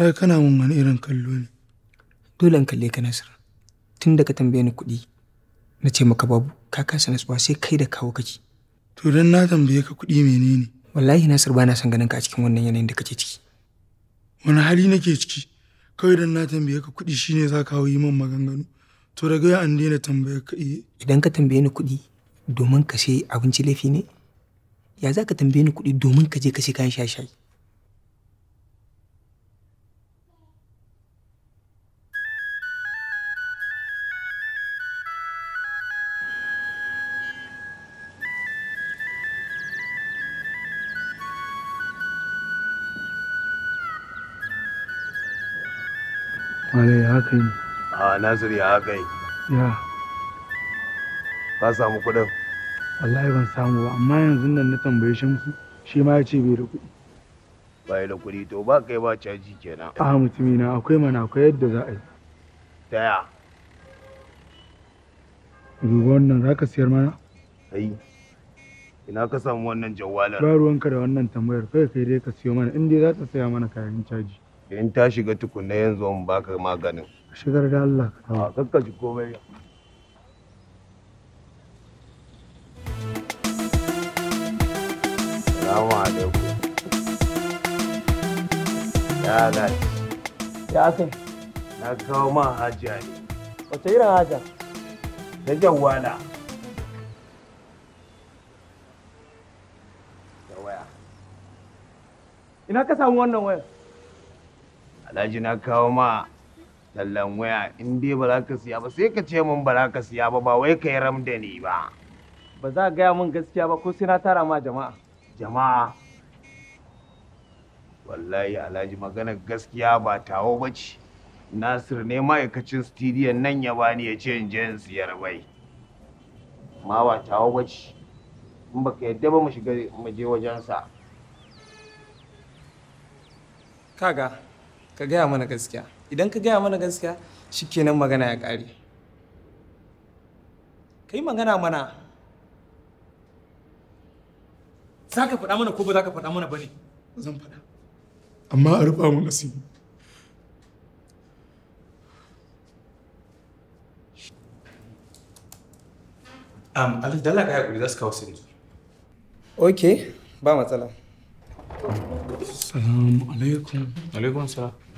Rai kana mun wani irin kallo ne. Dole in kalle ka Nasir. Tun da ka tambaye ni kuɗi na ce maka babu ka kasa natsuwa sai kai da kawo kake. To dan na tambaye ka kuɗi menene? Wallahi Nasir bana son ganin ka a cikin wannan yanayin da kake ciki. Wani hali nake ciki? Kawai dan na tambaye ka kuɗi shine za ka yi min maganganu. To daga yau an daina tambaye ka iye. Eh. Idan ka tambaye ni kuɗi domin ka sai abinci laifi ne? Ya za ka tambaye ni kuɗi domin ka je ka sai kayan shaye-shaye? Malai haka ne. A Nasir ya haka yi. Ya. Ka samu kuɗin? Wallahi ban samu ba, amma yanzu nan na tambaye musu shi ma ya ce bai da kuɗi. Bai da kuɗi to ba kai ba caji kenan. A mutumi na akwai mana akwai yadda za a yi. Ta ya? Duba wannan za ka siyar mana? Ai. Ina ka samu wannan jawalar. Ba ruwanka da wannan tambayar kai kai dai ka siyo mana in dai za ta saya mana kayan caji. in ta shiga tukunna yanzu in baka maganin shigar da Allah ka ah, kakkaji komai Salamu alaikum ya gani ya kai na kawo ma hajiya ne wace irin haja da jawwala da waya ina ka samu wannan wayar alhaji na kawo ma tallan waya in dai ba za ka siya ba sai ka ce min ba za ka siya ba ba wai ka yi ram ba ba za ka gaya mun gaskiya ba ko sai na tara ma jama'a jama'a wallahi alhaji maganar gaskiya ba tawo ba ce nasir ne ma'aikacin studio nan ya bani ya ce in je in siyar bai ma ba tawo ba ce in ka yadda ba mu shiga mu je wajensa kaga ka gaya mana gaskiya idan ka gaya mana gaskiya shikenan magana ya ƙare ka yi magana mana za ka faɗa mana ko ba za ka faɗa mana ba ne zan faɗa amma a rufa mun asiri um, Alhaji Dalla ka haƙuri za su kawo su Ok, ba matsala. Salamu alaikum. Alaikum salam.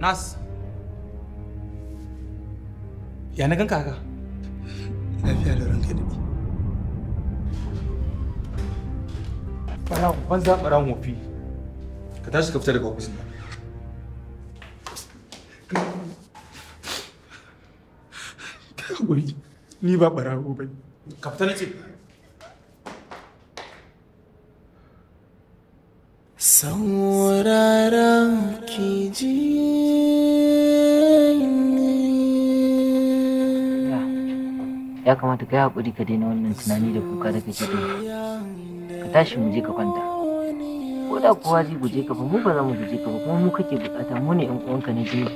Nas. Ya na ganka haka? Lafiya da ranka da Bara ban za ran wofi. Ka tashi ka fita daga ofis nan. Ka guri. Ni ba barawo bane. Ka fita nace. Saurara ya kamata ka yi haƙuri ka daina wannan tunani da kuka da kake da ka tashi mu je ka kwanta ko da kowa zai guje ka ba mu ba za mu guje ka ba kuma mu kake bukata mu ne yan uwanka na jini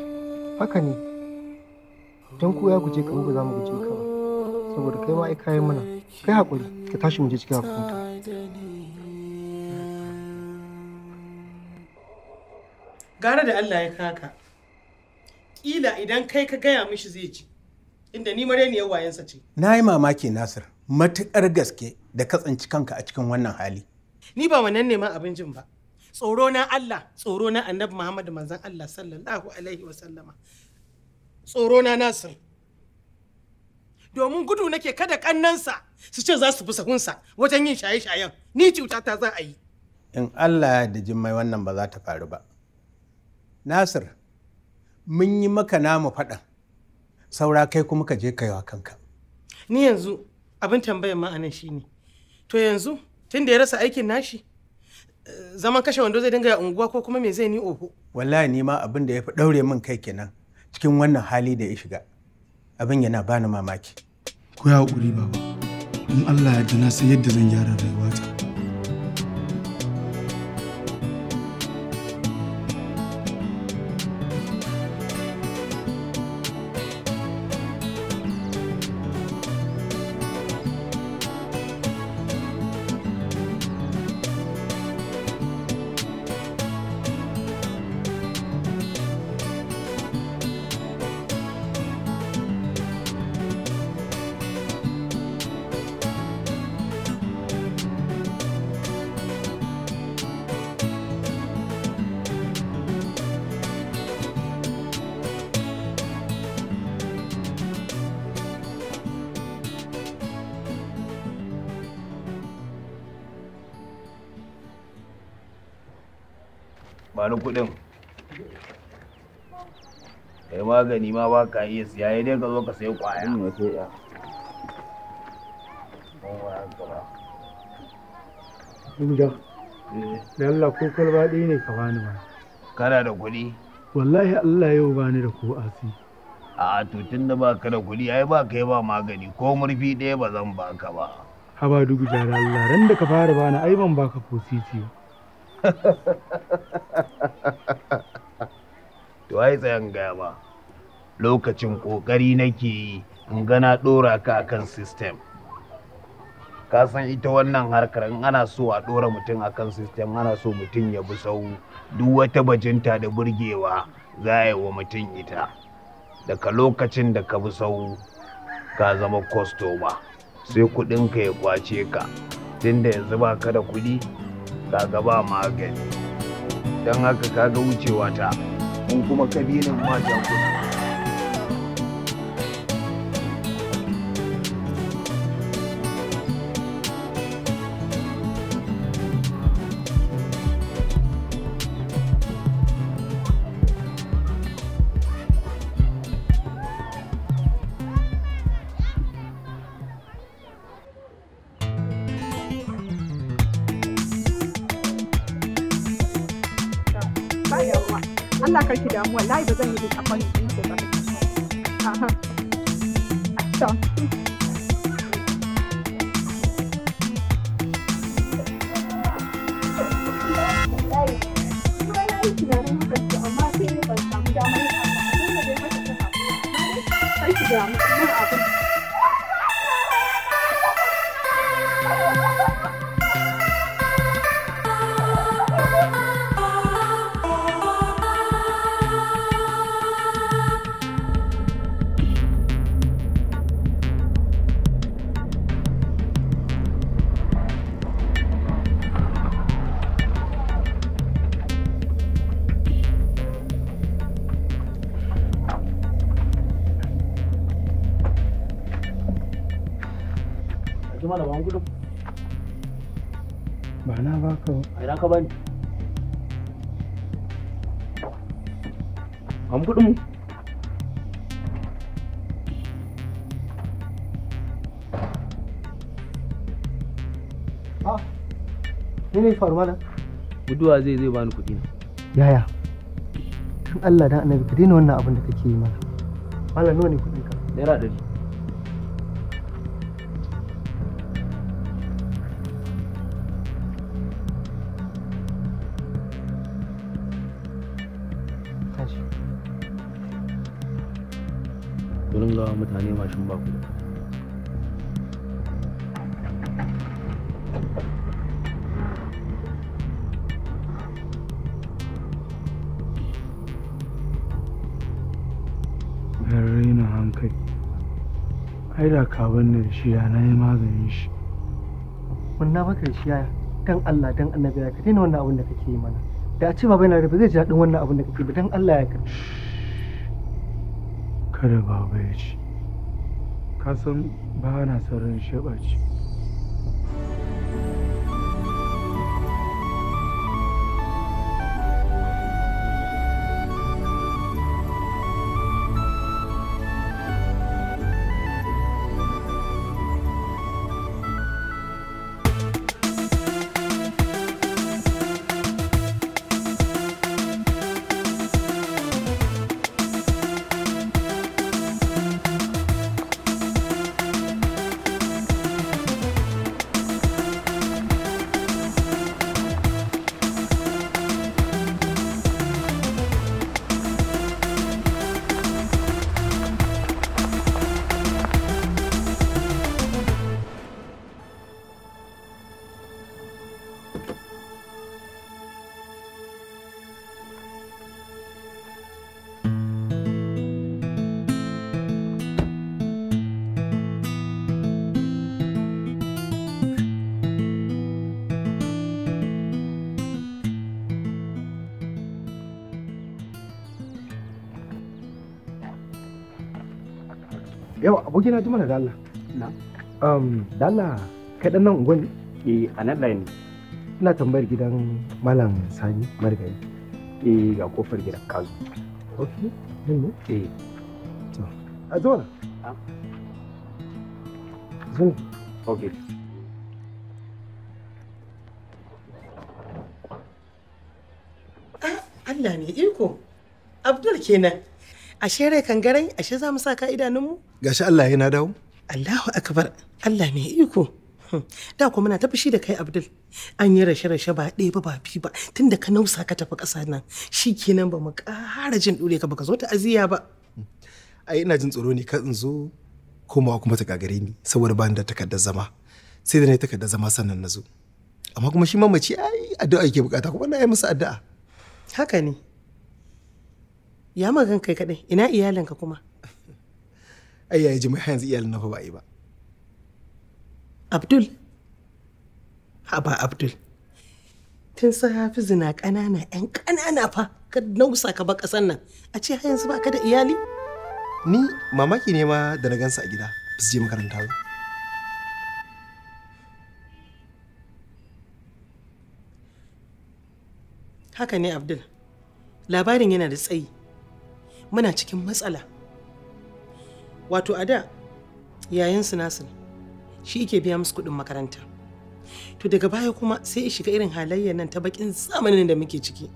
haka ne don kowa ya guje ka mu ba za mu guje ka ba saboda kai ma ai kai mana kai haƙuri ka tashi mu je cikin hakunta gara da Allah ya kaka ƙila idan kai ka gaya mishi zai ji inda ni mareniyar wayansa ce. Na yi mamaki Nasir, matukar gaske da ka tsanci kanka a cikin wannan hali. Ni ba wannan neman abin jin ba. Tsoro na Allah, tsoro na Annabi Muhammad manzon Allah sallallahu alaihi wa sallama. Tsoro na Nasir. Domin gudu nake kada kannansa su ce za su fi sahunsa wajen yin shaye-shayen. Ni cuta ta za a yi. In Allah ya da mai wannan ba za ta faru ba. Nasir, mun yi maka namu faɗan. saura kai kuma ka je kaiwa kanka ni yanzu abin tambayar ma anan ne to yanzu tun da ya rasa aikin nashi zaman kashe wando zai dinga ya unguwa ko kuma me zai ni oho wallahi ni ma abin da ya fi daure min kai kenan cikin wannan hali da ya shiga abin yana bani mamaki ku ya hakuri baba in Allah ya na sai yadda zan gyara rayuwata bani kuɗin kai magani ma ba ka iya siya ya dai ka zo ka sayi kwaya ne sai ya Inda, eh. da Allah ko kwalba ne ka bani ba. Kana da kuɗi? Wallahi Allah yau bani da ko asi. A to tun da baka da kuɗi ai ba kai ba magani ko murfi ɗaya ba zan baka ba. Haba dugu jara Allah ran da ka fara bani ai ban baka ko siti ba. to ai tsayan gaya ba lokacin ƙoƙari nake yi in gana ɗora ka akan sistem ka san ita wannan harkar in ana so a ɗora mutum akan system ana so mutum ya bi sau duk wata bajinta da burgewa za a yi wa mutum ita daga lokacin da ka bi sau ka zama kwastoma sai kuɗinka ya kwace ka tunda yanzu ba ka da kuɗi kaga ba magani don haka kaga wucewa ta Mun kuma kabirin ma jakuna Allah karki damu wallahi ba zan yi disappointment ɗin ki ba. Ah. haka bane an kudin mu ah ne faru mana. guduwa zai zai bani kuɗi na yaya tun Allah dan annabi ka daina wannan abin da kake yi mana malam nawa ne kudin ka naira dari ai da ka da shi ya na yi maganin shi wanda maka da shi ya dan Allah dan annabi ya ka daina wannan abin da kake yi mana da a ce baba yana da ba zai ji daɗin wannan abin da kake ba dan Allah ya ka kada baba ya ci ka san ba na son ran abokina ji mana da Allah na um da Allah kai dan nan unguwa ne eh a nan layin ina tambayar gidan malam Sani Margari eh ga kofar gidan Kazu. Ok, nan ne eh to a zo na zo okay ah, Allah ne iko Abdul kenan ashe rai kangarai ashe za mu sa ka idanunmu gashi Allah ya dawo Allahu akbar Allah mai iko hmm. da kuma muna ta fushi da kai Abdul an yi rashe rashe ba ɗaya ba ba fi ba tunda ka nausa ka tafi ƙasa nan shikenan ba mu ƙara jin dure ka baka zo ta aziya ba hmm. ai ina jin tsoro ne ka in zo komawa kuma ta gagare ni saboda ba da takardar zama sai da na takardar zama sannan na zo amma kuma shi mamaci ai addu'a yake bukata kuma na yi musu addu'a haka ne ya magan kai kadai ina iyalinka kuma ai yayi jimi yanzu iyalin na ba yi ba abdul haba abdul tun safi zina ƙanana 'yan ƙanana fa ka nausa ka ba ƙasan nan a ce har yanzu ka da iyali ni mamaki ne ma da na gansa a gida ba su je makaranta ba haka ne abdul labarin yana da tsayi muna cikin matsala wato a da yayin sinasin shi ke biya musu kuɗin makaranta to daga baya kuma sai ya shiga irin halayyar nan ta bakin zamanin da muke ciki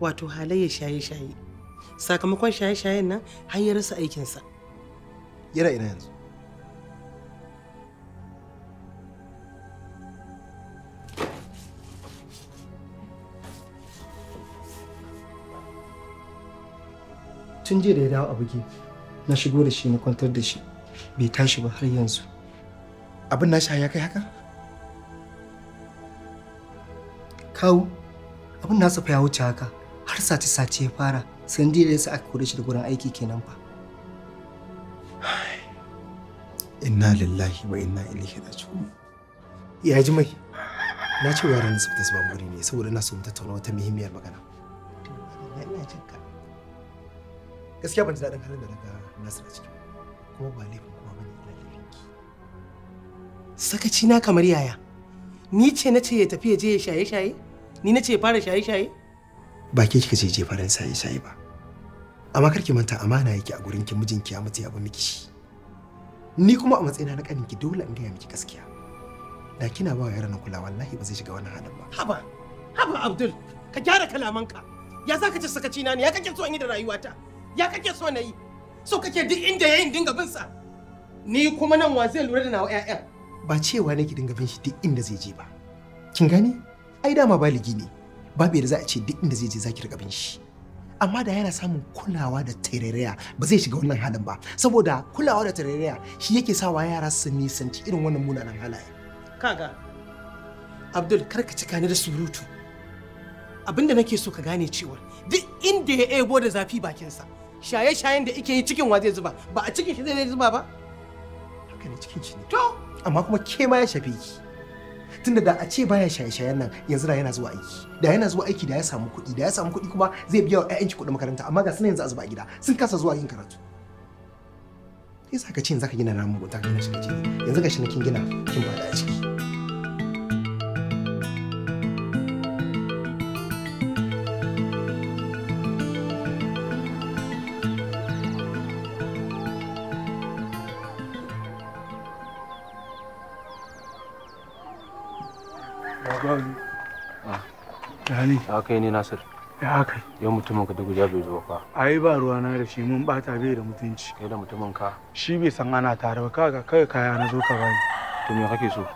wato halayyar shaye-shaye sakamakon shaye-shayen nan har ya rasa aikinsa yana ina yanzu tun jiya da ya dawo a na shigo da shi na kwantar da shi bai tashi ba har yanzu abin na ya kai haka kawo abin na fa ya wuce haka har sati-sati ya fara san jiya da aka kore shi da gurin aiki kenan fa inna lillahi wa inna ilaihi raji'un ya ji mai na ce wa ranar sabta zuwa muri ne saboda na so mu tattauna wata muhimmiyar magana Thank you. gaskiya ban ji daɗin halin da daga nasir ciki kuma ba laifin kuma bane ina laifinki sakaci na kamar yaya ni ce na ce ya tafi ya je ya shaye shaye ni na ce ya fara shaye shaye ba ke kika ce je fara shaye shaye ba amma karki manta amana yake a gurin ki mijinki ya mutu ya ba miki shi ni kuma a matsayina na kaninki dole in gaya miki gaskiya da kina ba yaran kulawa, kula wallahi ba zai shiga wannan halin ba haba haba abdul ka gyara kalamanka ya za ka ci sakaci na ne ya kake so in yi da rayuwata ya kake so na yi so kake duk inda yayin dinga bin sa ni kuma nan wa zai lura da nawa ƴaƴan ba cewa nake dinga bin shi duk inda zai je ba kin gani? ai dama baligi ne babu yadda za a ce duk inda zai je zaki riga bin shi amma da yana samun kulawa da tarairaya ba zai shiga wannan halin ba saboda kulawa da tarairaya shi yake sawa yara su nisanci irin wannan munanan halaye kaga abdul kar ka cika ni da surutu abinda nake so ka gane cewa duk inda ya ebo da zafi bakinsa shaye-shayen da ike yi cikin wa zai zuba ba a cikin shi zai zuba ba haka ne cikin shi ne to amma kuma ke ma ya shafe ki tunda da a ce baya shaye-shayen nan yanzu da yana zuwa aiki da yana zuwa aiki da ya samu kuɗi da ya samu kuɗi kuma zai biya wa ƴaƴanki kuɗin makaranta amma ga suna yanzu a zuba a gida sun kasa zuwa yin karatu sai saka ce zaka gina namu gutan gina shi yanzu ga shi na kin gina kin ba a ciki Ali. Ya kai ne Nasir. Ya kai. Yau mutumin ka guja bai zo ba. Ai ba ruwa na da shi mun bata bai da mutunci. Kai da mutumin ka. Shi bai san ana tare ba kaga kai kaya na zo ka bani. To me kake so?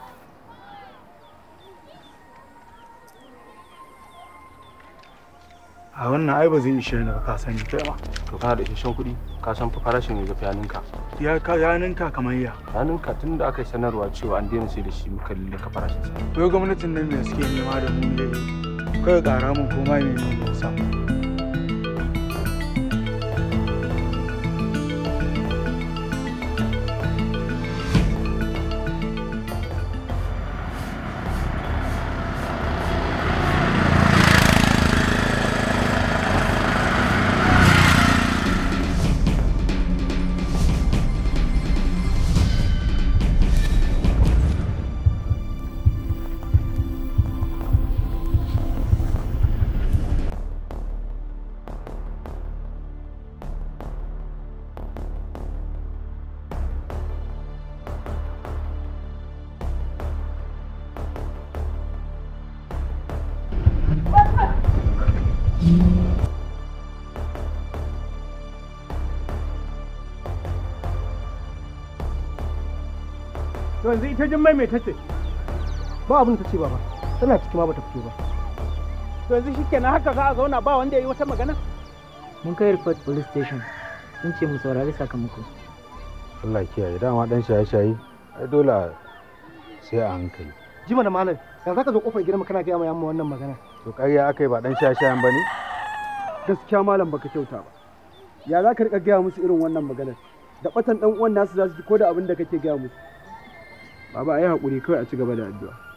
a wannan ai ba zai ishe ni ba ka sani kai ma to kana da isasshen kuɗi ka san fa farashin ya gafi yaninka ya ka yaninka kamar ya yaninka tun da aka sanarwa cewa an daina sai da shi muka lalle ka farashin sa. to gwamnatin nan ne suke nema da mu ne 그걸 가라면 부모이이못 사고 to yanzu ita jin mai mai tace ba abin ta ce ba ba tana ciki ma bata fito ba to yanzu shikenan haka za a zauna ba wanda ya yi wata magana mun kai report police station sun ce mu saurari sakamako Allah kiyaye dama dan shaye-shaye ai dole sai a hankali ji mana malam ya zaka zo kofar gidan kana ga yamma amma wannan magana to kariya akai ba dan shaye-shayen bane gaskiya malam baka kyauta ba ya za ka riƙa gaya musu irin wannan maganar da batan ɗan uwan nasu za su ji ko da abin da kake gaya musu baba yi haƙuri kawai a ci gaba da addu'a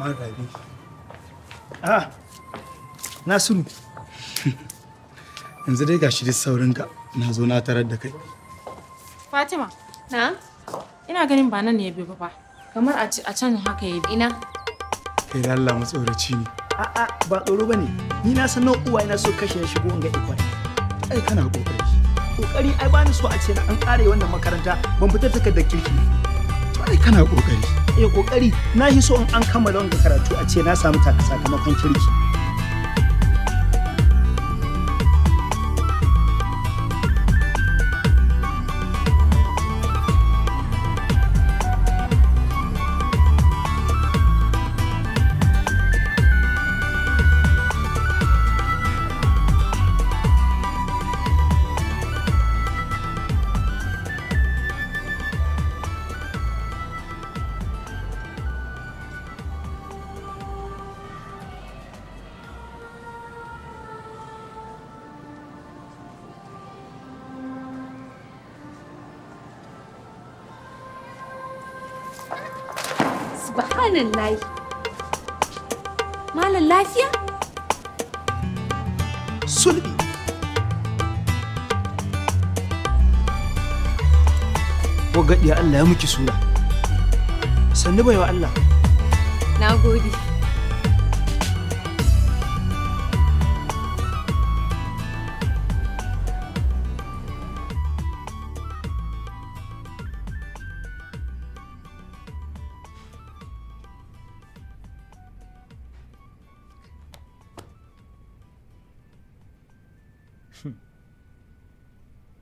Amma Ah, Nasiru. Yanzu dai gashi da saurin ka na zo na tarar da kai. Fatima, na? Ina ganin ba nan ya bi ba. Kamar a can haka ya bi. na. Kai da Allah tsoraci ne. A'a, ba tsoro ba ne. Ni na san nan uwa na so kashe ya shigo in ga ikon. Ai kana kokari. Kokari ai bani so a ce na an kare wannan makaranta ban fitar takardar kirki. kana ƙoƙari eh kokari na yi so in an kammala wanga karatu a ce na samu sakamakon kirki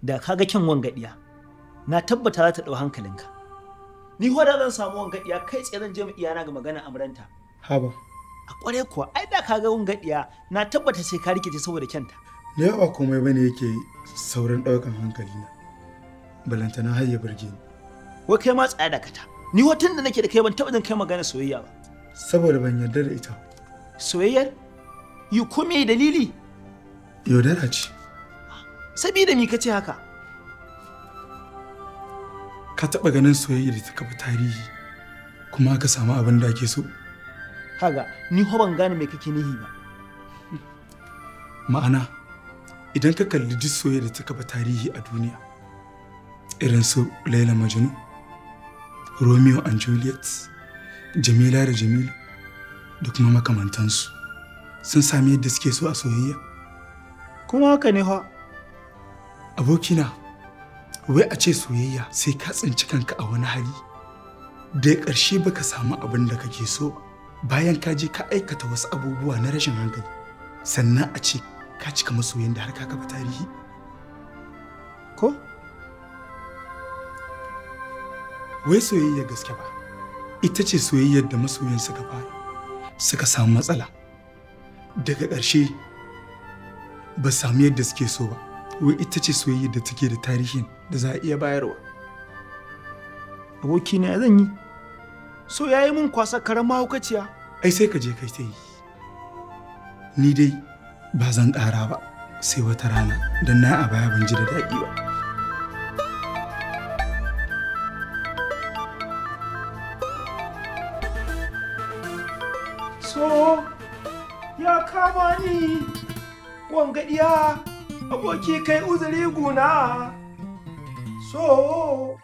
da kaga kin wangadiya na tabbata za ta ɗau hankalinka ni ko da zan samu wangadiya kai tsaye zan je mu iyana ga magana ha haba a kware kuwa ai da kaga wangadiya na tabbata sai ka rikice saboda kyanta ne ba komai bane yake sauran daukan hankali na balantana har ya burge ni wai kai ma tsaya da kata ni hotun da nake da kai ban taɓa jin kai magana soyayya ba saboda ban yarda da ita soyayyar yi kome dalili yaudara ce sabida mi ka kace haka ka taɓa ganin soyayya da ta kafa tarihi kuma ka samu abin da ake so Haga ni ho ban gane me kake nihi ba ma'ana idan ka kalli duk soyayya da ta kafa tarihi a duniya irin su laila majnun romeo and juliet jamila da jamilu da kuma makamantansu sun sami yadda suke so a soyayya kuma haka ne ha abokina wai a ce soyayya sai ka tsinci kanka a wani hali da ƙarshe baka samu abin da kake so bayan ka je ka aikata wasu abubuwa na rashin hankali sannan a ce ka cika masoyin da har ka kafa tarihi ko wai soyayya gaske ba ita ce soyayyar da masoyan suka fara suka samu matsala daga ƙarshe ba samu yadda suke so ba wai ita ce soyayyar da take da tarihin da za a iya bayarwa aboki na zan yi so yi min kwasa karan mahaukaciya ai sai ka je kai ta yi ni dai ba zan ƙara ba sai wata rana don na a baya ban ji da daɗi ba so ya kama ni wangadiya aboki kai uzuri guna so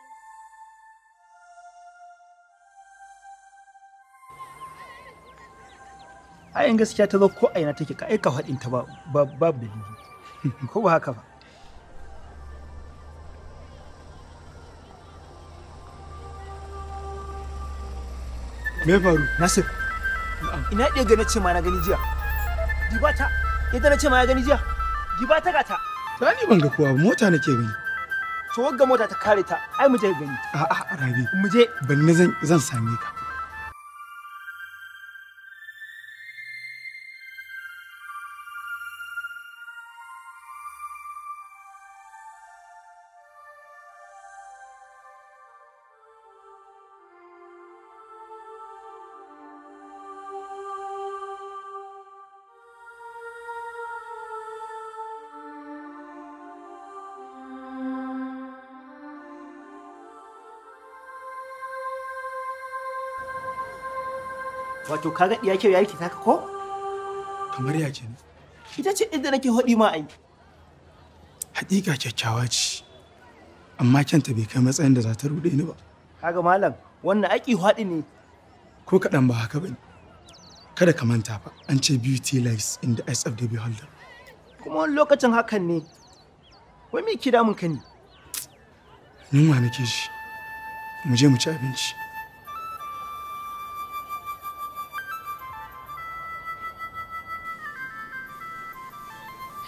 in gaskiya ta zo ko aina take ka aika haɗin ta babu dalili ko ba haka ba me faru nasir ina iya ga na ce ma na gani jiya dibata ita na ce ma ya gani jiya Giba ta gata. Ta ni ban ga kowa ba mota nake gani. To wagga mota ta kare ta. Ai mu je gani. A'a Rabi. Mu je. Ban zan zan same ka. Wato kaga iya kyau yayi taka ko? Kamar ya ce Ita ce inda nake hodi ma ai. Hakika kyakkyawa ce. Amma kyanta bai kai matsayin da za ta rude ni ba. Kaga malam, wannan aiki hodi ne. Ko kaɗan ba haka bane. Kada ka manta ba, an ce beauty lies in the eyes of the beholder. Kuma wani lokacin hakan ne. Wai me ki damun ka ne? Yunwa nake shi. Mu je mu ci abinci.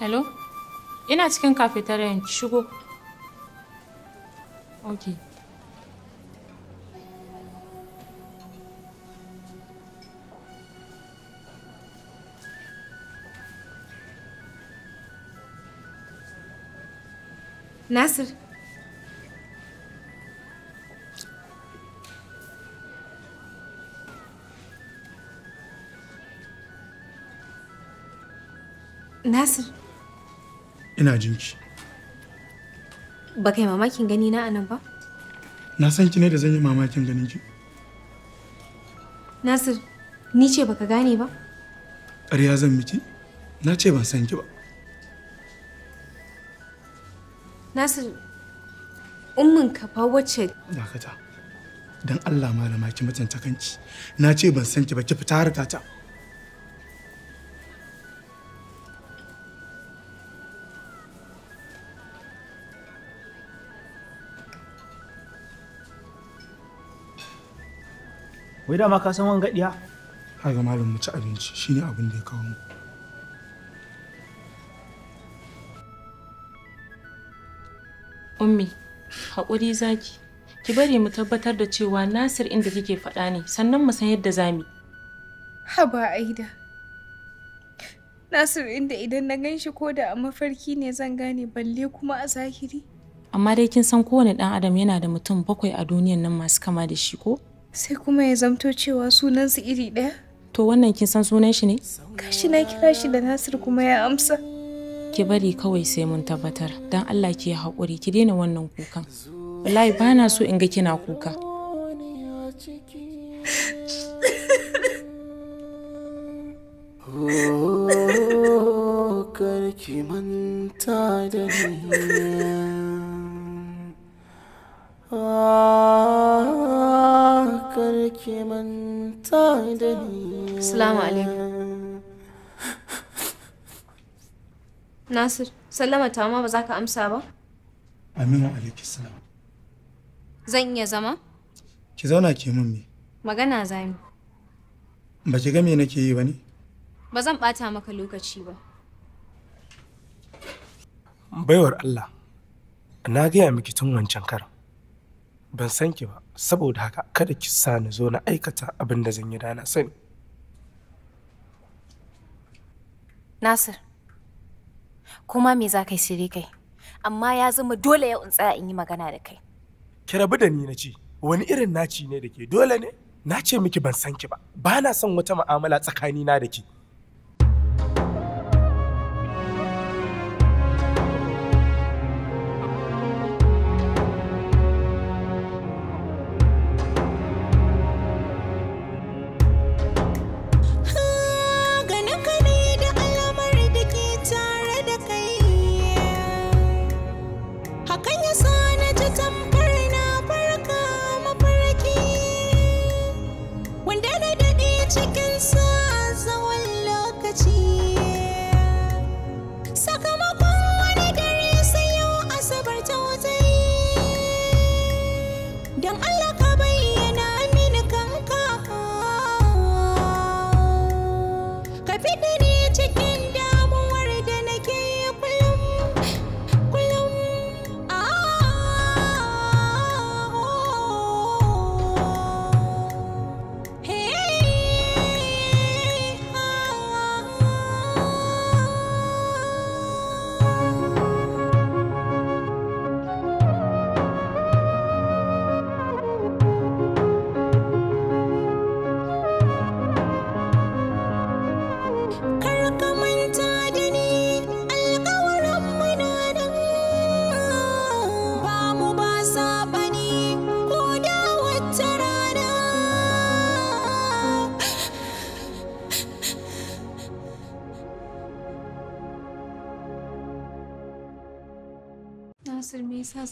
hello ina cikin cafeteria shigo okay Nasser. Nasser. ina jin ki ba kai mamakin gani na anan ba na san ki ne da zan yi mamakin ganin ki nasir ni ce baka gane ba ƙarya zan miki na ce ban san ki ba nasir ummin ka fa wacce dakata don allah malama ki mutunta kanki na ce ban san ki ba ki fita harkata ta wai dama ka san wanga diya ga malam mu ci abinci shine abin da ya kawo mu ummi haƙuri zaki ki bari mu tabbatar da cewa nasir inda kike faɗa ne sannan mu san yadda zami haba aida nasir inda idan na gan shi ko da a mafarki ne zan gane balle kuma a zahiri amma dai kin san kowane ɗan adam yana da mutum bakwai a duniyan nan masu kama da shi ko sai kuma ya zamto cewa sunansu iri ɗaya to wannan kin san sunan shi ne kashi na kira shi da nasir kuma ya amsa ki bari kawai sai mun tabbatar don allah ki yi haƙuri ki daina wannan kukan wallahi ba na so in ga kina kuka oh, karki manta ah. ke manta da ni salamu alaikum nasir sallama ta ma ba za ka amsa ba aminu alaikum salam zan iya zama ki zauna ke mun me magana za mu ba ki ga me nake yi ba ne ba zan bata maka lokaci ba baiwar allah na gaya miki tun wancan karan ban san ki ba saboda haka kada ki sa ni zo na aikata abin da zan yi da na sani nasir kuma me za ka yi kai amma ya zama dole yau in tsaya in yi magana da kai ki rabu da ni na ci wani irin naci ne da ke dole ne na ce miki ban san ki ba ba na son wata mu'amala tsakanina da ki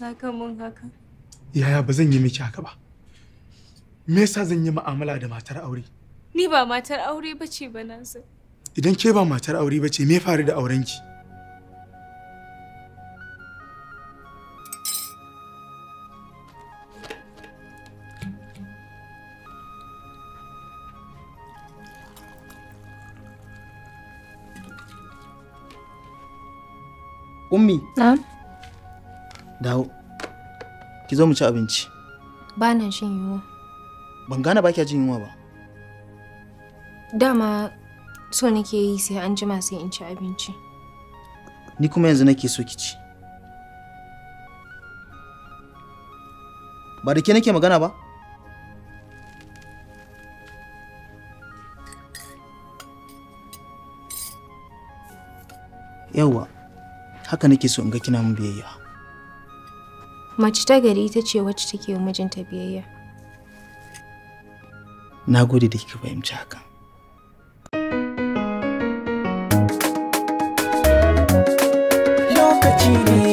za kan mun haka? Yaya ba zan yi miki haka ba. Me yasa zan yi mu'amala da matar aure? Ni ba matar aure ba ce ba Idan ke ba matar aure ba ce, me faru da aurenki? Ummi. Na'am. Dawo. Ki zo mu ci abinci. Ba nan jin yunwa. Ban gane ba kya jin yunwa ba. Dama so nake yi sai an jima sai in ci abinci. Ni kuma yanzu nake so ki ci. Ba da ke nake magana ba? yawa haka nake so in ga kina mun biyayya. Mace ta gari ita ce wacce take wa mijinta biyayya. Na gode da kika fahimci haka Lokaci ne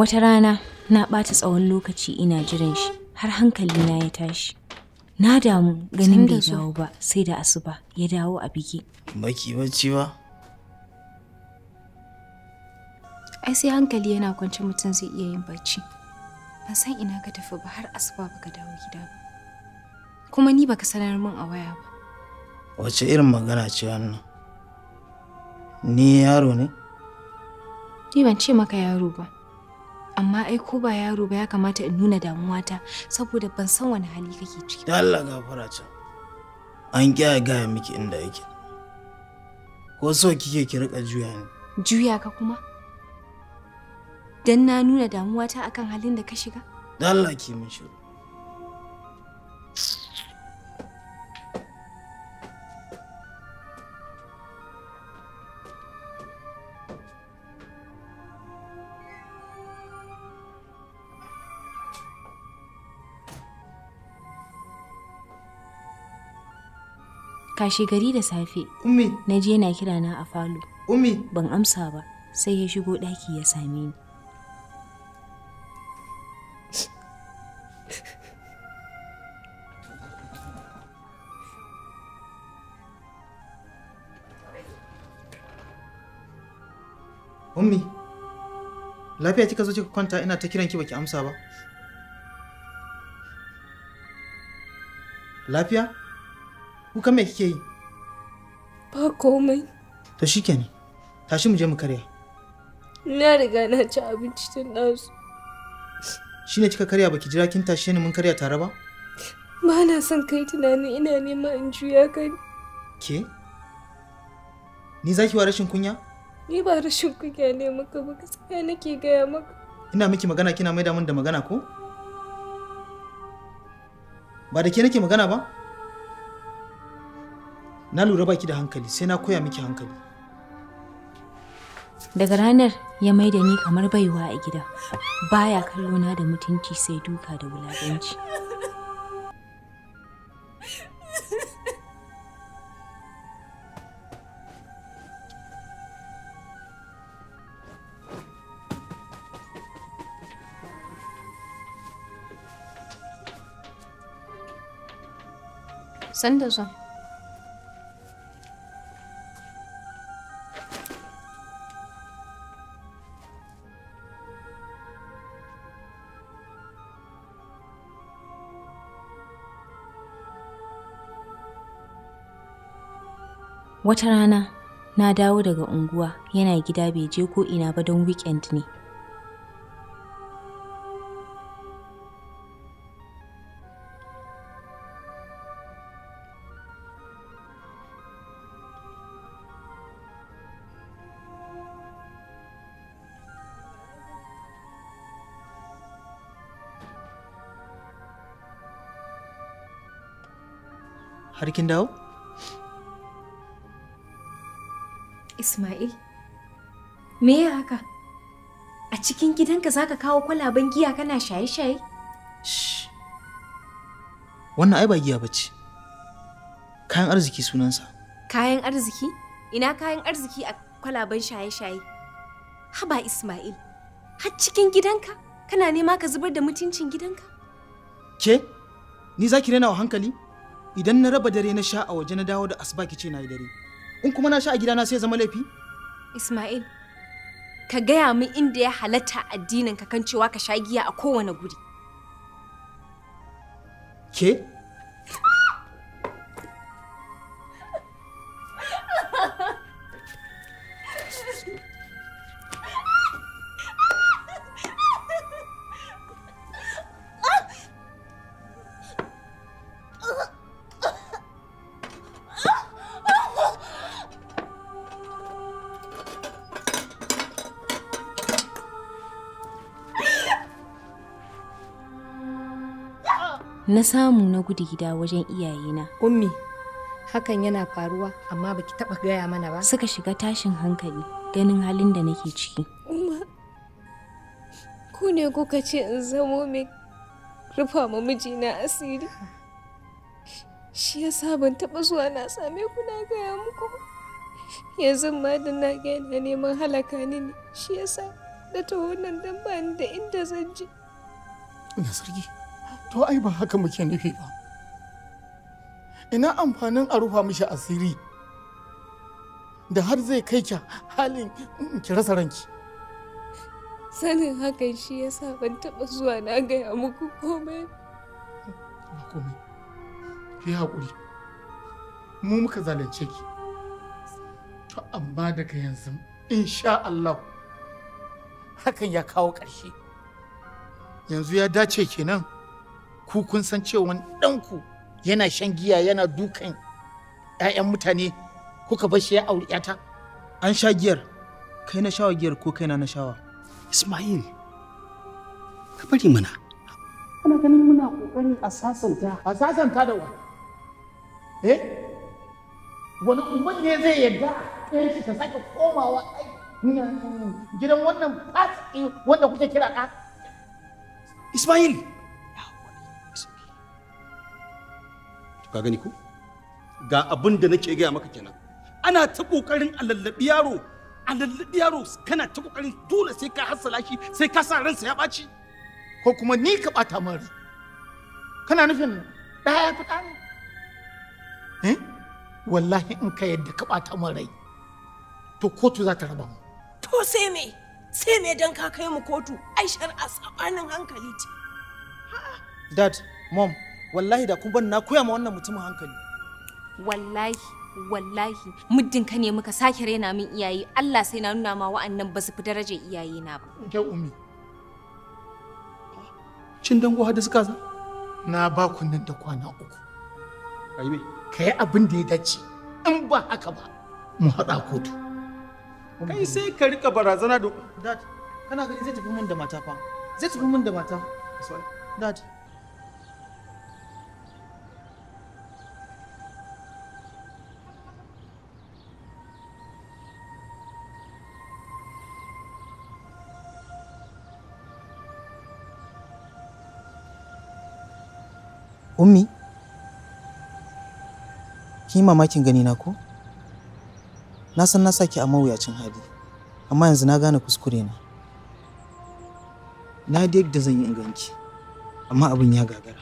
Wata rana na ɓata tsawon lokaci ina jiran shi har hankalina ya tashi. Na damu ganin bai dawo ba sai da asuba ya dawo a bige. Baki bacci ba? Ai sai hankali yana kwance mutum zai iya yin bacci. Ban san ina ka tafi ba har asuba baka dawo gida ba. Kuma ni baka sanar min a waya ba. Wace irin magana ce wannan? Ni yaro ne? Ni ban ce maka yaro ba. amma ai ko ba yaro ba ya kamata in nuna damuwata saboda ban san wani hali kake ciki da Allah gafara can an kiya gaya miki inda yake ko so kike ki rika juya ni juya ka kuma dan na nuna damuwata akan halin da ka shiga da Allah ki min shiru Kashe gari da safe. Ummi. Na je na kira na a falo. Ummi. Ban amsa ba, sai ya shigo ɗaki ya same ni. Ummi, lafiya kika zo kika kwanta ina ta kiran ki baki amsa ba? Lafiya? kuka me kike yi ba komai to shikenan tashi mu je mu karya na riga na ci abinci tun ɗazu ne kika karya baki jira kin tashi ne mun karya tare ba ba na son kai tunanin ina nema in juya kai. ke ni zaki wa rashin kunya ni ba rashin kunya ne maka ba gaskiya nake gaya maka ina miki magana kina maida min da magana ko ba da ke nake magana ba na lura baki da hankali sai na koya miki hankali daga ranar ya mai da ni kamar baiwa a gida baya kallo na da mutunci sai duka da wulaƙanci Sanda Wata rana na dawo daga unguwa yana gida bai je ko ina ba don weekend ne. Har kin dawo? Ismail, me ya haka? A cikin gidanka za kawo kwalaben giya kana shaye-shaye? Wannan ai ba giya ba Kayan arziki sunansa. Kayan arziki? Ina kayan arziki a kwalaben shaye-shaye? Haba Ismail, har cikin gidanka kana nema ka zubar da mutuncin gidanka? Ke? Ni za ki rena wa hankali? Idan na raba dare na sha a waje na dawo da asuba ce na yi dare. in kuma na sha a gidana sai zama laifi ismail ka gaya min inda ya halatta addinin ka kan cewa ka sha giya a kowane guri ke na samu na gudu gida wajen iyayena. Ummi, hakan yana faruwa amma baki taba gaya mana ba. Suka shiga tashin hankali ganin halin da nake ciki. Umma, ku ne kuka ce in zamo mai rufa ma mijina asiri. Shi ya ban taba zuwa na same ku na gaya muku. Yanzu ma da na gaya neman halaka ni ne, shi ya sa da ta wannan dan ba da inda zan je. Ina sarki. to ai ba haka muke nufi ba ina amfanin a rufa mishi asiri da har zai kai ki halin ki rasa ranki sanin hakan shi ya sa ban taba zuwa na gaya muku komai komai ki haƙuri mu muka zalunce ki to amma daga yanzu insha Allah hakan ya kawo ƙarshe yanzu ya dace kenan ku kun san cewa ɗanku yana shan giya yana dukan 'ya'yan mutane kuka bar shi ya auri 'yata? An sha giyar, kai na shawa giyar ko kai na na shawa? Ismail, ka bari mana. Ana ganin muna ƙoƙarin a sasanta. A sasanta da wa? Eh? Wani kuma ne zai yarda ɗaya shi ta sake komawa mm, gidan wannan fatsi wanda kuke kira ka Ismail, ka gani ko ga abin da nake gaya maka kenan ana ta kokarin a yaro alallabi yaro kana ta kokarin dole sai ka hassala shi sai ka sa ransa ya baci. ko kuma ni ka mara kana nufin da ya fita ni. eh wallahi in ka yadda ka bata min to kotu za ta raba mu to sai me sai me dan ka kai mu kotu ai shar'a sabanin hankali ce dad mom wallahi da kun na koya ma wannan mutumin hankali wallahi wallahi muddin ka ne muka sake raina min iyaye Allah sai na nuna ma wa'annan ba su fi darajar iyaye na ba ke umi cin dango hada suka za na ba ku nan da kwana uku ayi ka yi abin da ya dace in ba haka ba mu haɗa kotu kai sai ka rika barazana da dad kana gani zai tafi mun da mata fa zai tafi mun da mata dad Ummi, ki yi mamakin gani na ko? Na san na saki a mawuyacin hali, amma yanzu na gane kuskure na. Na da yadda zan yi in ganki, amma abin ya gagara.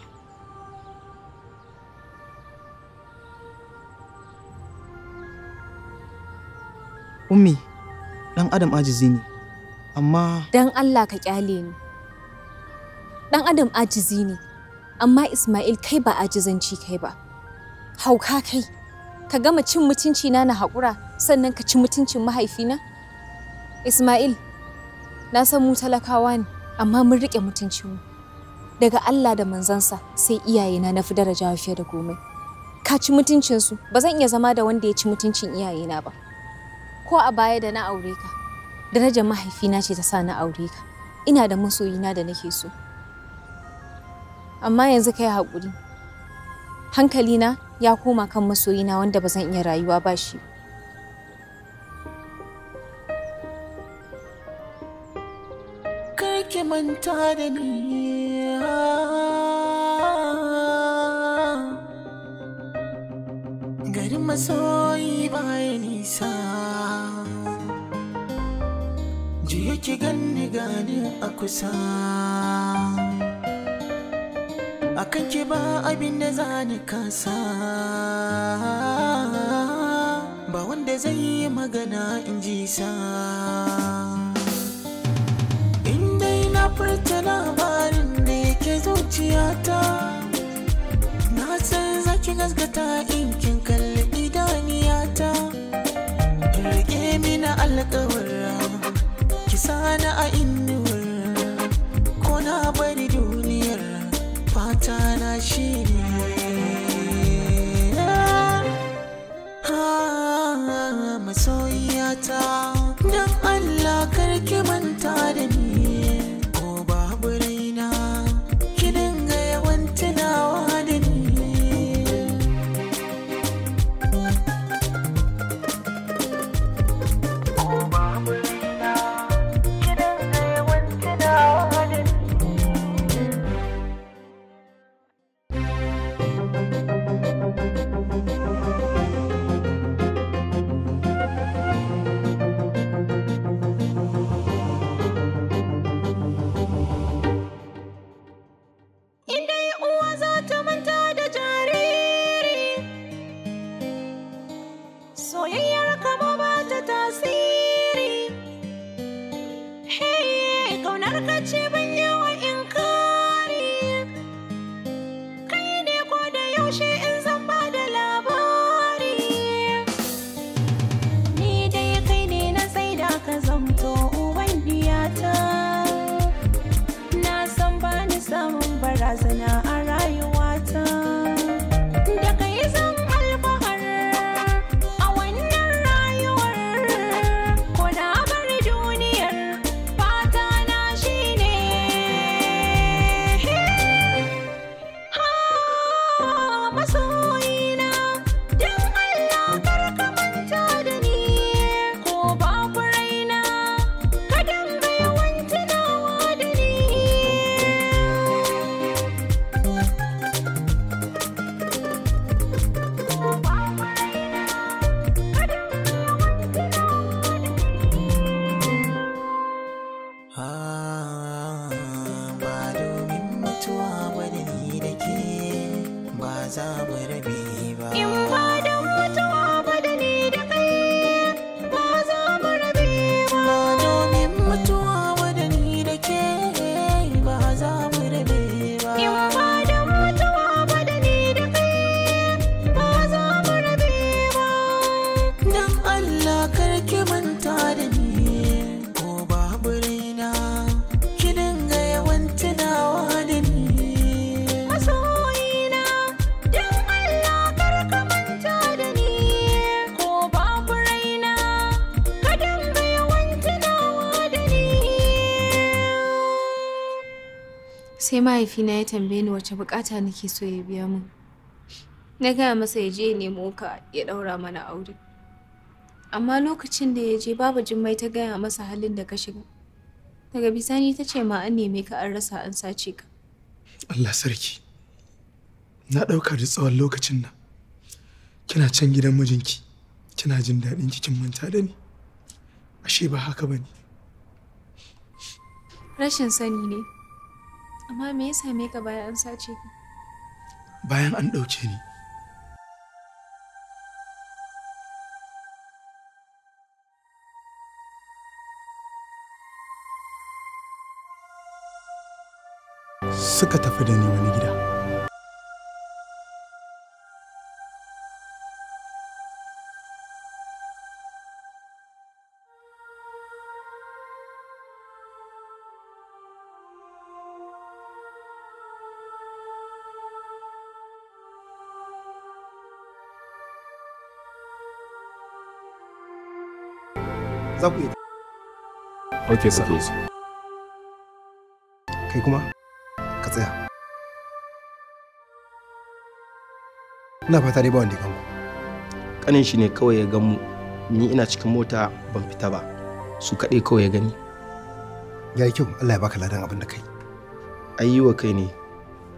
Ummi, ɗan Adam ajizi ne, amma... Dan Allah ka kyale ni. Ɗan Adam ajizi ne, amma Ismail kai ba ajizanci kai ba. Hauka kai, ka gama cin mutunci na na haƙura sannan ka ci mutuncin mahaifina? Ismail, na san mu talakawa ne, amma mun riƙe mutuncinmu. Daga Allah da manzansa sai iyayena na fi daraja fiye da komai. Ka ci mutuncinsu, ba zan iya zama da wanda ya ci mutuncin iyayena ba. Ko a baya da na aure ka, darajar mahaifina ce ta sa na aure ka. Ina da masoyina da nake so. amma yanzu kai Hankali na ya koma kan masoyina wanda ba zan iya rayuwa ba shi ki manta da ni garin masoyi baya nisa ji yake gani gani a kusa akan ke ba abin da zani kasa ba wanda zai yi magana in ji sa indai na furta labarin da yake zuciyata na san zaki gasgata in kin kalli idaniyata rike mina alkawarra ki sana a inu. sai mahaifina ya tambaye ni wace bukata nake so ya biya min na gaya masa ya je ya nemo ka ya daura mana aure amma lokacin da ya je babu jimmai ta gaya masa halin da ka shiga daga bisani ta ce ma an neme ka an rasa an sace ka Allah sarki na ɗauka da tsawon lokacin nan kina can gidan mijinki kina jin daɗin kin manta da ni ashe ba haka ba ne rashin sani ne Amma me ya same ka bayan an sace ka? Bayan an ɗauke ni. Suka tafi da ni wani gida. za ku iya ok sir kai kuma ka tsaya ina fata dai ba wanda ya gan kanin shi ne kawai ya gan mu ni ina cikin mota ban fita ba su kaɗai kawai ya gani ya yi kyau allah ya baka ladan abin da kai ayi wa kai ne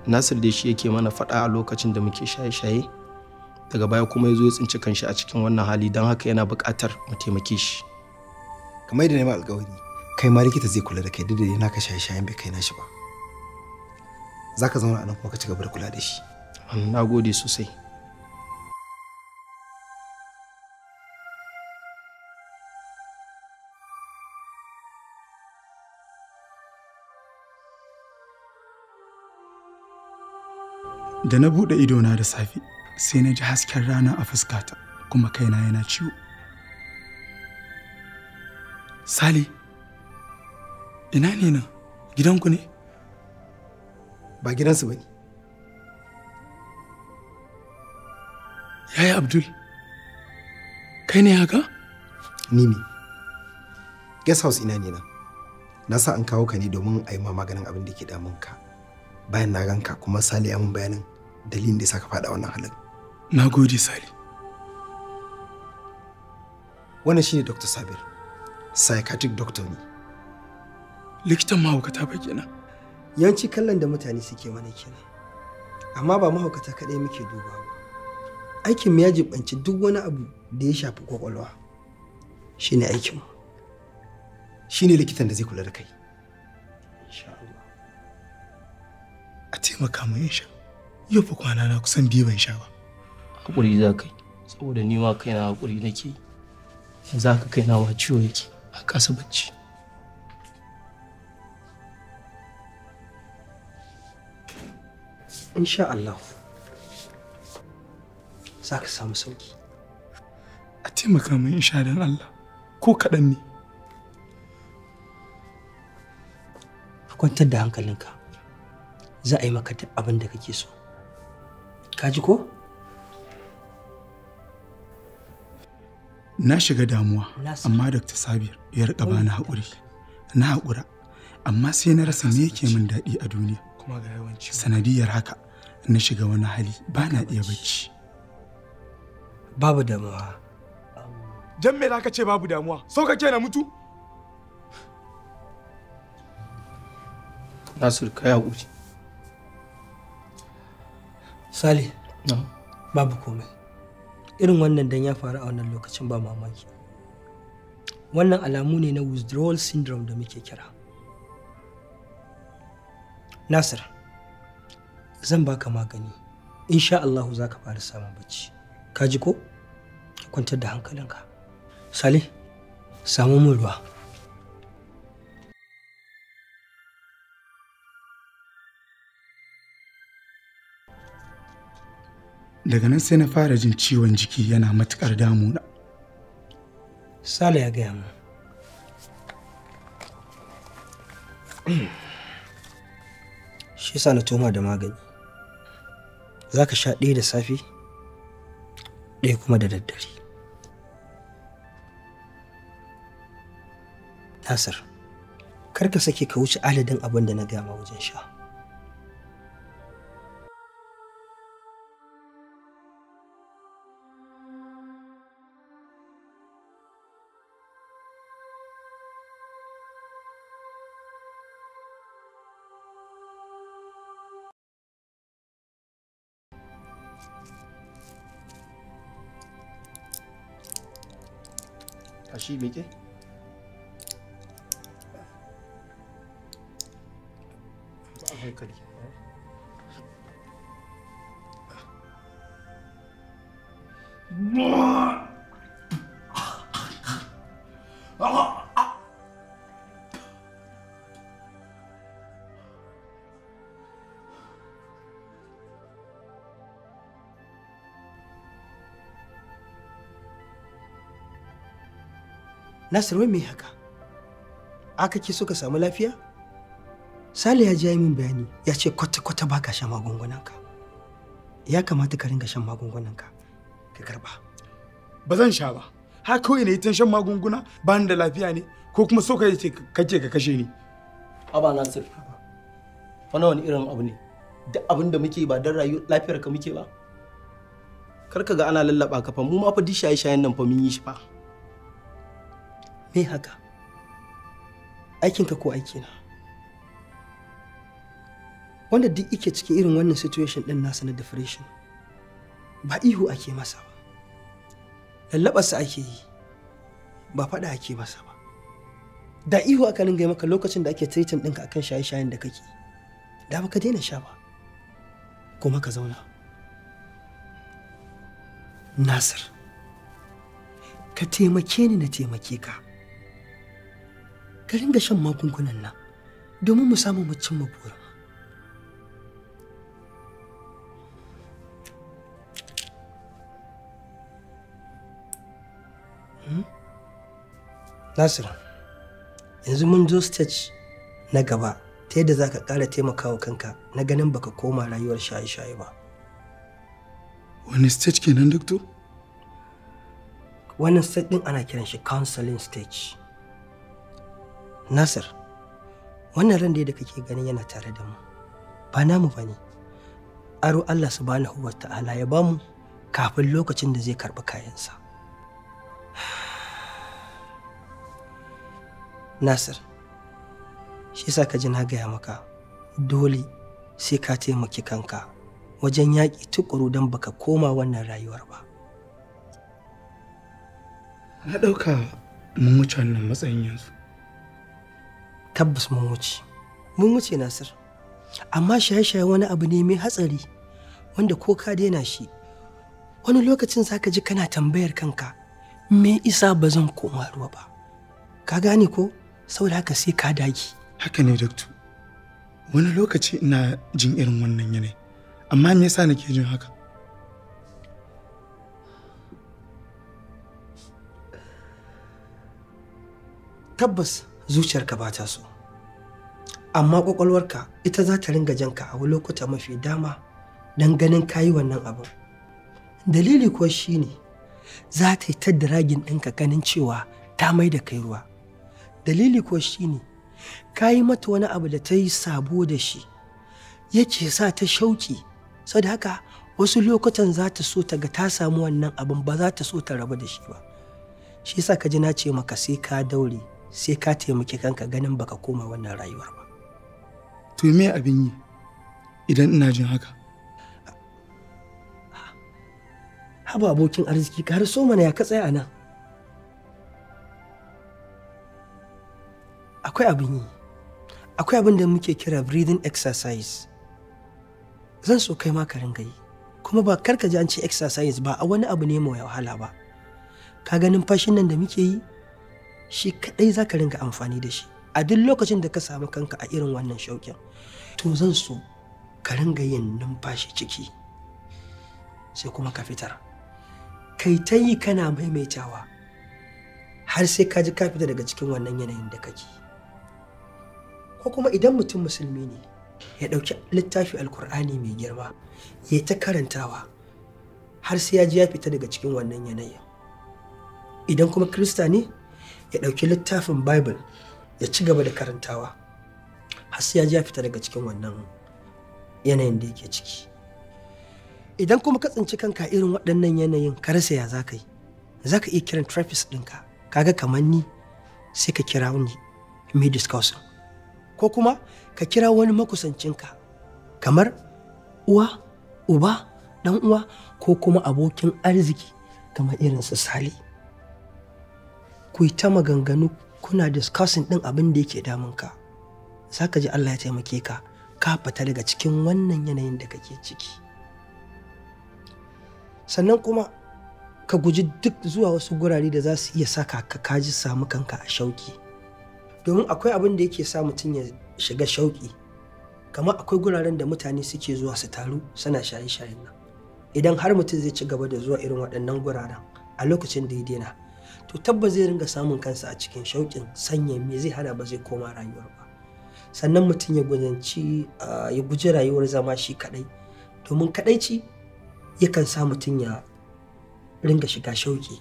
nasir da shi yake mana faɗa a lokacin da muke shaye-shaye daga baya kuma ya zo ya tsinci kanshi a cikin wannan hali don haka yana buƙatar mu taimake shi kamar yadda na ma alƙawari kai ma likita zai kula da kai duk da yana shaye-shayen bai kai nashi ba za ka zauna a nan kuma ka ci gaba da kula da shi na gode sosai da na buɗe na da safe sai na ji hasken rana a fuskata kuma kaina yana ciwo Sali, ina ne nan? Gidanku ne? Ba gidansu ba ne. Yaya Abdul, kai ne haka? Ni ne. Guest house ina ne nan. Na sa an kawo ka ne domin a yi ma maganin abin da ke damun ka. Bayan na ganka kuma Sali ya mun bayanin dalilin da ya saka faɗa wannan halin. Na gode Sali. Wannan shine Dr. Sabir. psychiatric doctor ne likitan mahaukata ba kenan yanci kallon da mutane suke mana kenan amma ba mahaukata kaɗai muke duba ba aikin mu ya jibanci duk wani abu da ya shafi kwakwalwa shine aikin mu shine likitan da zai kula da kai a taimaka mu yin sha yau fa kwana na kusan biyu ban sha ba hakuri za kai saboda ni ma kaina hakuri nake za ka kaina ma ciwo yake na kasa bacci insha Allah za ka samu sauki a taimaka min insha don Allah ko kaɗan ne kwantar da hankalinka za a yi maka duk abin da kake so ka ji ko? na shiga damuwa amma dr sabir ya rika bani haƙuri na haƙura amma sai na rasa me yake min daɗi a duniya sanadiyar haka na shiga wani hali ba na iya bacci babu damuwa jan me ka ce babu damuwa sau kake na mutu nasir ka haƙuri sali babu komai irin wannan dan ya faru a wannan lokacin ba mamaki wannan alamu ne na withdrawal syndrome da muke kira nasir zan baka magani insha Allahu za ka fara samun bacci ka ji ko kwantar da hankalinka salih samu min ruwa daga nan sai na fara jin ciwon jiki yana matukar damuna sale ya gaya mu shi sa na toma da magani za ka sha ɗaya da safe ɗaya kuma da daddare nasir kar ka sake ka wuce adadin abin da na gama wajen sha şiveci. Haykali. Whoa! Nasir wai me haka? Aka ke suka ka samu lafiya? Sale ya ji min bayani ya ce kwata-kwata ba ka shan magungunanka. Ya kamata ka ringa shan magungunanka ka karba. Ba zan sha ba. Ha kawai na yi shan magunguna ba da lafiya ne ko kuma so kake ka kashe ni. Aba Nasir. Wani wani irin abu ne? Duk abin da muke ba don rayuwar ka muke ba? Kar ka ga ana lallaba ka fa mu ma fa duk shaye-shayen nan fa mun yi shi fa. me haka aikinka ko aikina wanda duk ike cikin irin wannan situation din nasa na depression ba ihu ake masa ba lallabarsa ake yi ba faɗa ake masa ba da ihu aka ringa maka lokacin da ake treating ɗinka akan shaye-shayen da kake da baka daina sha ba kuma ka zauna nasir ka taimake ni na taimake ka ka ringa shan magungunan nan domin mu samu mu cimma buri hmm? Nasir, yanzu mun zo stage na gaba ta yadda za ka ƙara taimakawa kanka na ganin baka koma rayuwar shaye-shaye ba. Wani stage kenan, doctor? Wannan stage ɗin ana kiran shi counseling stage. Nasir, wannan ran da kake ganin yana tare da mu, ba namu ba ne. Aro Allah subhanahu wa ta'ala ya bamu kafin lokacin da zai karɓi kayansa. Nasir, shi sa ka ji na gaya maka dole sai ka taimaki kanka wajen yaƙi tukuru don baka koma wannan rayuwar ba. Na ɗauka mun wuce matsayin yanzu. tabbas mun wuce mun wuce nasir amma shaye-shaye wani abu ne mai hatsari wanda ko ka daina shi wani lokacin zaka ji kana tambayar kanka me isa ba zan koma ruwa ba ka gane ko saboda haka sai ka dage haka ne dakto wani lokaci ina jin irin wannan yanayi amma me yasa nake jin haka tabbas zuciyarka ba ta so amma kwakwalwarka ita za ta ringa janka a wani lokuta mafi dama don ganin kayi wannan abin dalili kuwa shine za ta yi ta diragin ɗinka ganin cewa ta mai da kai ruwa dalili kuwa shine ka yi mata wani abu da ta yi sabo da shi yake sa ta shauki sau da haka wasu lokutan za ta so ta ga ta samu wannan abin ba za ta so ta rabu da shi ba shi yasa ka ji na ce maka sai ka daure sai ka taimaki kanka ganin baka koma wannan rayuwar ba to me abin yi idan ina jin haka haba abokin arziki ka har so mana ya ka tsaya nan akwai abin yi akwai abin da muke kira breathing exercise zan so kai ma ka ringa yi kuma ba karka ji an ce exercise ba a wani abu ne mai wahala ba ka ganin fashin nan da muke yi shi kaɗai za ka ringa amfani da shi a duk lokacin da ka samu kanka a irin wannan shauƙin to zan so ka ringa yin numfashi ciki sai kuma ka fitar kai ta yi kana maimaitawa har sai ka ji ka fita daga cikin wannan yanayin da kake ko kuma idan mutum musulmi ne ya ɗauki littafi alkur'ani mai girma ya ta karantawa har sai ya ji ya fita daga cikin wannan yanayin idan kuma kirista ne ya ɗauki littafin bible ya ci gaba da karantawa har sai ya ji ya fita daga cikin wannan yanayin da yake ciki idan kuma ka tsinci kanka irin waɗannan yanayin ka rasa ya za ka yi za ka iya kiran trafis ɗinka kaga kamar ni sai ka kira wani midis ko kuma ka kira wani makusancinka kamar uwa uba ɗan uwa ko kuma abokin arziki kamar irin su sali ku yi ta maganganu kuna discussing ɗin abin da yake damunka za ka ji Allah ya taimake ka ka fita daga cikin wannan yanayin da kake ciki sannan kuma ka guji duk zuwa wasu gurare da za su iya saka ka kaji samu kanka a shauki domin akwai abin da yake sa mutum ya shiga shauki kamar akwai guraren da mutane suke zuwa su taru suna shaye-shayen nan idan har mutum zai ci gaba da zuwa irin waɗannan guraren a lokacin da ya daina to tabba zai ringa samun kansa a cikin shauƙin sanya me zai hana ba zai koma rayuwar ba sannan mutum ya ya guji rayuwar zama shi kaɗai domin kaɗaici yakan sa mutum ya ringa shiga shauƙi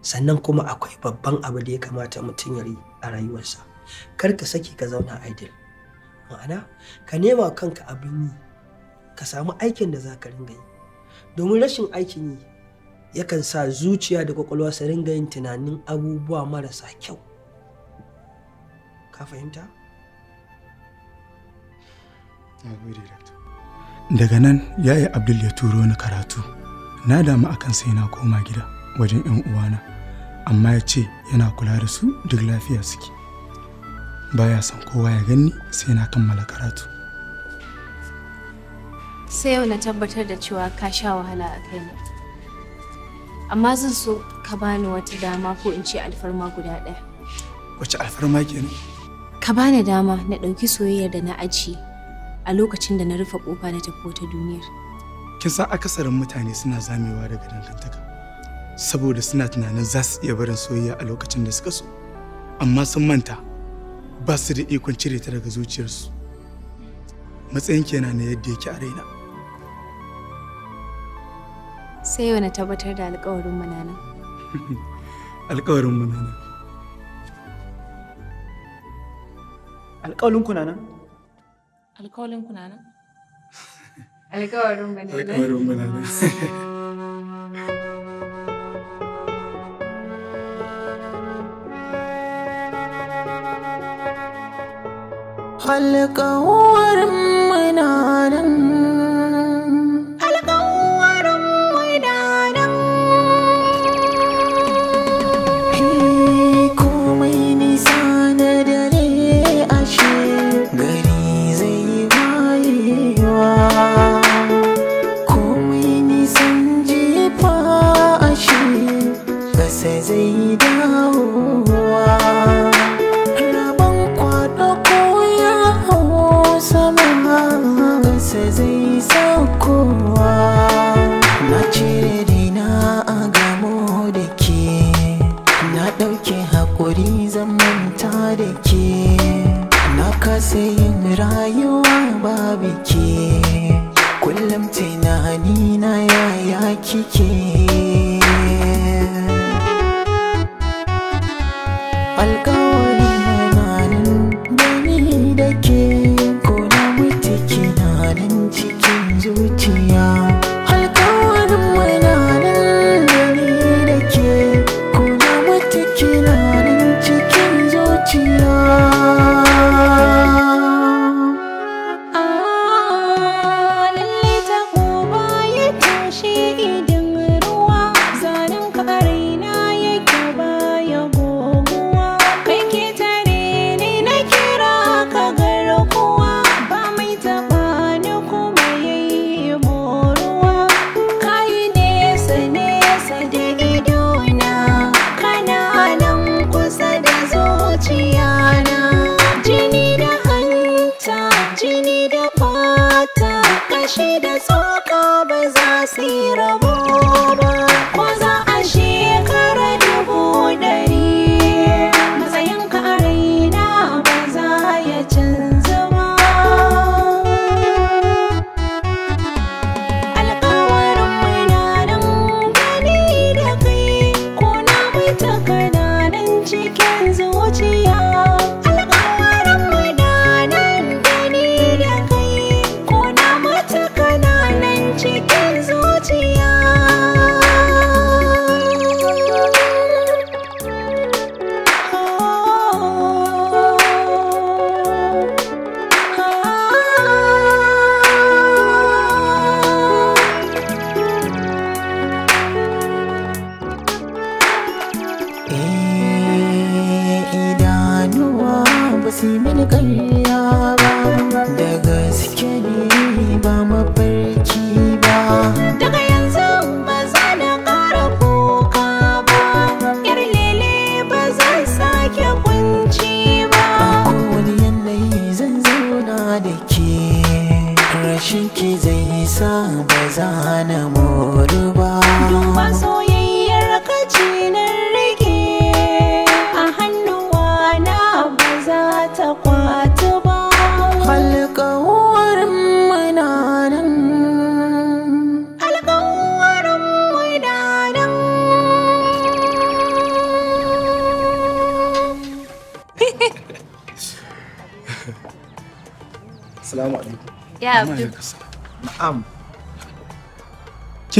sannan kuma akwai babban abu da ya kamata mutum ya yi a rayuwarsa kar ka sake ka zauna idle ma'ana ka nema kanka abin yi ka samu aikin da za ka ringa yi domin rashin aikin yi yakan sa zuciya da kwakwalwa su ringa yin tunanin abubuwa marasa kyau ka fahimta? daga nan ya yi abdul ya turo ni karatu na damu akan sai na koma gida wajen 'yan uwana amma ya ce yana kula da su duk lafiya suke baya son kowa ya gani sai na kammala karatu sai yau na tabbatar da cewa ka sha wahala a ne. amma zan so ka bani wata dama ko in ce alfarma guda ɗaya. Wace alfarma kenan? Ka bani dama na ɗauki soyayya da na aji a lokacin da na rufe ƙofa na tafi wata duniyar. Kin san akasarin mutane suna zamewa daga dangantaka saboda suna tunanin za su iya barin soyayya a lokacin da suka so amma sun manta ba su da ikon cire ta daga zuciyarsu. Matsayin kenan na yadda yake a raina. sai yau na tabbatar da alkawarin mu nana alkawarin mu nana alkawarin ku nana alkawarin ku nana alkawarin mu nana alkawarin mu nana halƙawar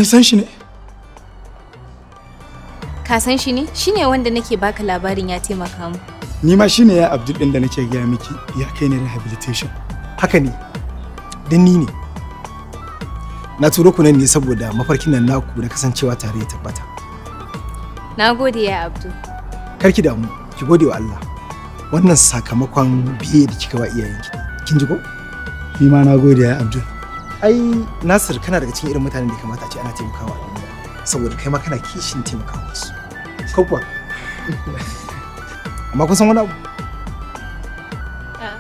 Kin san shi ne? Ka san shi ne? Shi ne wanda nake baka labarin ya taimaka mu. Ni ma shi ne ya Abdul din da nake gaya miki ya kai ni rehabilitation. Haka ne, dan ni ne. Na turo ku nan ne saboda mafarkin nan naku na kasancewa tare ya tabbata. Na gode ya Abdul. Karki damu, ki gode wa Allah. Wannan sakamakon biye da kika wa iyayenki. Kin ji ko? Ni ma na gode ya Abdul. ai nasir kana daga cikin irin mutanen da kamata ce ana taimakawa a duniya saboda kai ma kana kishin taimakawa wasu ko kuwa amma kun san wani abu ah.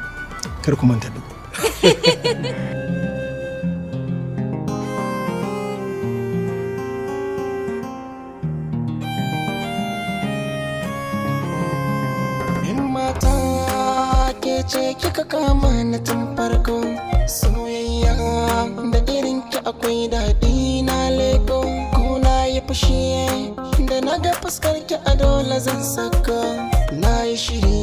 kar ku manta duk ce kika kama na tun farko ji daɗi na leko kuna ya yi da na ga fuskar ki a dole zan saka na yi shiri